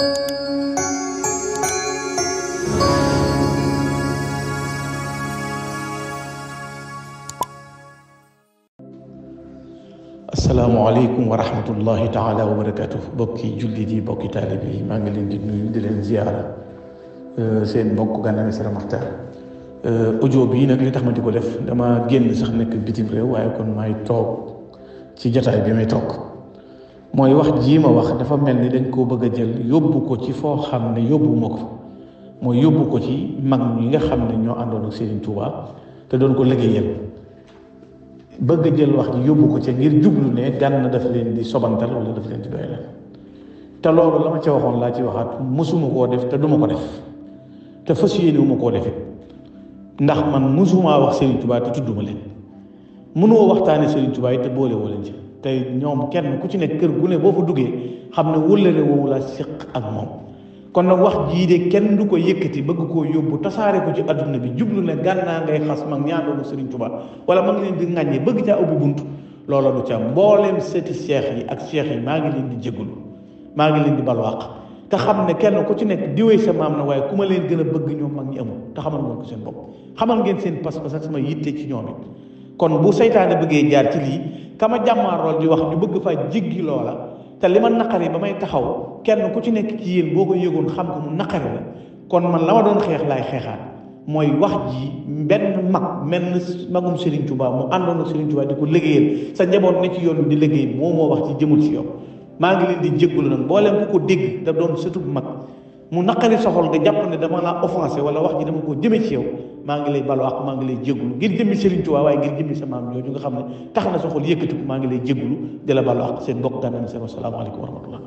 السلام عليكم ورحمة الله تعالى وبركاته بكي جلدي بكي طالبي ما نجلين دي نيو دي لين زيارة أه، سين بكو غانا مسر مختار أه، أجو بي نك لتخ مدي قولف دما جين سخنك بيتي بريو وايكون ماي توك سي جتاي بي ماي mooy wax jii ma wax dafa mel ni dañ koo bëgg a jël yóbbu ko ci foo xam ne yóbbu ma ko mooy yóbbu ko ci mag ñi nga xam ne ñoo àndoon ak Serigne Touba te doon ko liggéeyal bëgg a jël wax ji yóbbu ko ca ngir jublu ne na def leen di sobantal wala daf leen di doyalal te loolu la ma ca waxoon laa ci waxaat mosuma koo def te duma ko def te fas yéene wu ma koo defee ndax man mosumaa wax Serigne Touba te tudduma leen mënoo waxtaane Serigne Touba yi te boole woo ci te ñoom kenn ku ci nekk kër gu ne boo fa duggee xam ne wëllëre woowu la séq ak moom kon nag wax jii de kenn du ko yëkkati bëgg koo yóbbu tasaare ko ci àdduna bi jublu ne gànnaa ngay xas mag ñaandoonu Sëriñ Tuubaa wala ma leen di ŋàññe bëgg caa ubbi bunt loola du ca mbooleem seeti seex yi ak seex yi maa ngi leen di jégalu maa ngi leen di balwaq te xam ne kenn ku ci nekk diwee sa maam na waaye ku ma leen gën a bëgg ñoom mag ñu amul te xamal ngeen ko seen bopp xamal ngeen seen pas-pas ak sama yitte ci ñoom kama jàmmaarool ji wax ñu bëgg faa jiggi loola te li ma naqari ba may taxaw kenn ku ci nekk ci yéen boo ko yëgoon xam ko mu naqari la kon man la ma doon xeex laay xeexaat mooy wax ji benn mag menn magum Serigne Touba mu àndoon ak Serigne Touba di ko liggéeyal sa njaboot ne ci yoon bi di liggéey moo moo wax ci jëmul ci yow maa ngi leen di jéggul nag mbooleem ku ko dégg te doon sëtu mag mu naqari soxol nga jàpp ne dama laa offensé wala wax ji dama ko jëme ci yow maa ngi lay balu ak maa ngi lay jéglu ngir jëmmi Serigne Touba waaye ngir jëmmi sa maam jooju nga xam ne tax na sa xol maa ngi lay jéglu di la balu ak seen mbokk gànnaam seen wasalaamaaleykum wa rahmatullah